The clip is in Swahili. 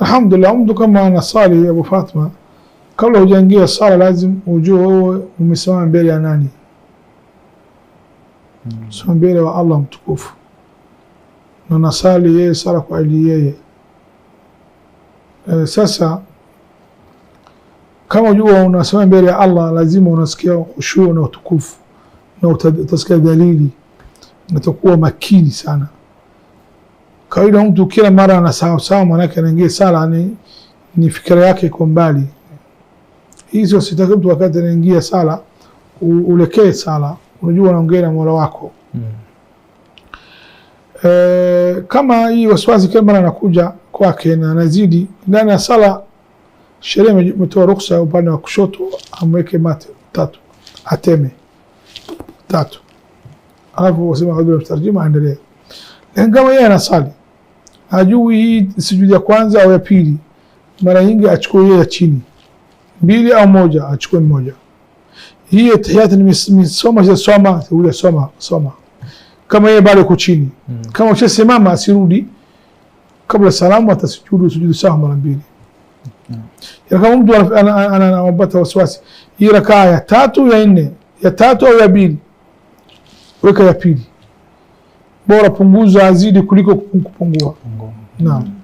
Alhamdulillah, mtu kama anasali Abu Fatma, kabla hujaingia sala lazim ujue wewe umesimama mbele ya nani? Hmm. Sio mbele wa Allah mtukufu, na nasali yeye sala kwa ajili yeye. E, sasa kama ujua unasimama mbele ya Allah, lazima unasikia ushuu na utukufu na utasikia dalili, natakuwa makini sana. Kawaida mtu kila mara sawa, manake anaingia sala ni, ni fikira yake iko mbali. Hizo sitaki mtu wakati anaingia sala ulekee sala, unajua unaongea na Mola wako mm. E, kama hii wasiwasi kila mara anakuja kwake na anazidi ndani ya sala, sheria imetoa ruksa upande wa kushoto amweke mate tatu ateme tatu, alafu wasema kabla ya tarjima aendelee, lakini kama yeye anasali hajui hii sijudi ya kwanza au ya pili, mara nyingi achukue hiyo ya chini mbili au moja, achukue moja. Hii tahiyati nimesoma, sijasoma soma soma soma, kama yeye bado uko chini. Hmm. Kama ukishasimama asirudi kabla salamu, atasujudu sujudu sahwi mara mbili. Hmm. Kama mtu anapata wasiwasi, hii rakaa ya tatu ya nne ya tatu au ya pili, weka ya pili bora punguza azidi kuliko kupungua. Naam.